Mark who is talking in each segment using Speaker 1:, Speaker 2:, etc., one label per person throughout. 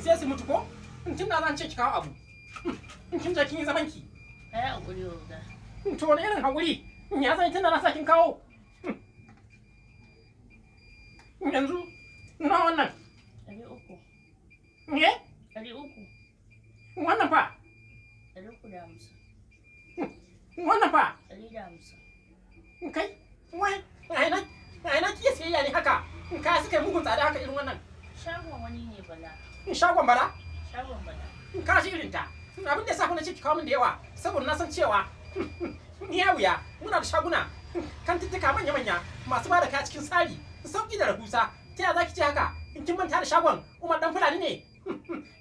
Speaker 1: sai su mutu ko hm, tun da zan ce ki kawo abu kin hm, hm, je kin yi zaman ki kai hakuri oga to wani irin hakuri ya san tun da na sa kin kawo yanzu na wannan ɗari uku ye ɗari uku wannan fa ɗari uku da hamsin wannan fa ɗari da hamsin kai wai a ina a ina kiyas ne haka kaya suka yi mugun tsada haka irin wannan shagon wani ne bala shagon bala shagon bala irin ta hm, abin da ya sa kuna ce ki kawo min da yawa saboda na san cewa hm, hm, ni ya wuya muna da shaguna kan tuttuka manya manya masu ba da kaya cikin tsari sauki da rahusa ta yaya zaki ce haka in kin manta da shagon umar dan fulani ne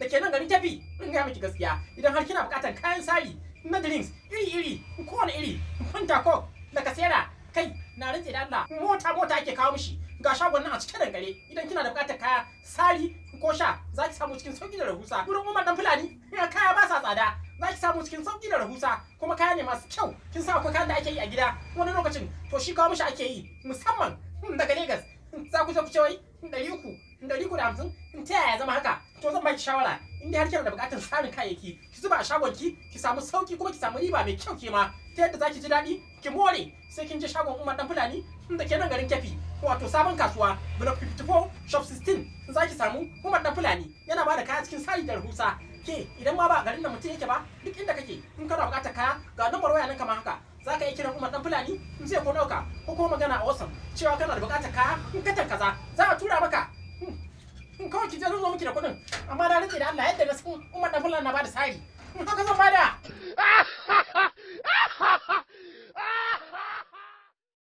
Speaker 1: da ke nan garin tafi in gaya miki gaskiya idan har kina bukatar kayan tsari na drinks iri iri kowane iri fanta coke da kasera kai na rantse da Allah mota mota ake kawo mishi ga shagon nan a cike da idan kina da bukatar kaya sari ko sha za ki samu cikin sauki da rahusa wurin umar dan fulani kaya ba sa tsada za ki samu cikin sauki da rahusa kuma kaya ne masu kyau kin sa akwai kayan da ake yi a gida wani lokacin to shi kawo mishi ake yi musamman hmm, daga Legas hmm, za ku ku ce wai hmm, ɗari uku ɗari uku da hamsin in ta yaya zama haka to zan baki shawara in dai har kina da buƙatar tsarin kayayyaki ki zuba a shagon ki ki samu sauki kuma ki samu riba mai kyau ke ma ta yadda za ki ji daɗi ki more sai kin je shagon umar dan fulani da ke nan garin kefi wato sabon kasuwa block 54 shop 16 za samu umar da fulani yana ba da kaya cikin sai da rahusa ke idan ma ba garin da mutum yake ba duk inda kake in kana bukata kaya ga lambar waya nan kamar haka za ka iya kiran umar dan fulani in sai ko dauka ko kuma magana a wasan cewa kana da bukatar kaya in katan kaza za a tura maka in hmm, hmm, kawai ki je zo miki da kuɗin amma da rike da Allah yadda na san umar dan fulani na bada da sayi in hmm, haka zan bada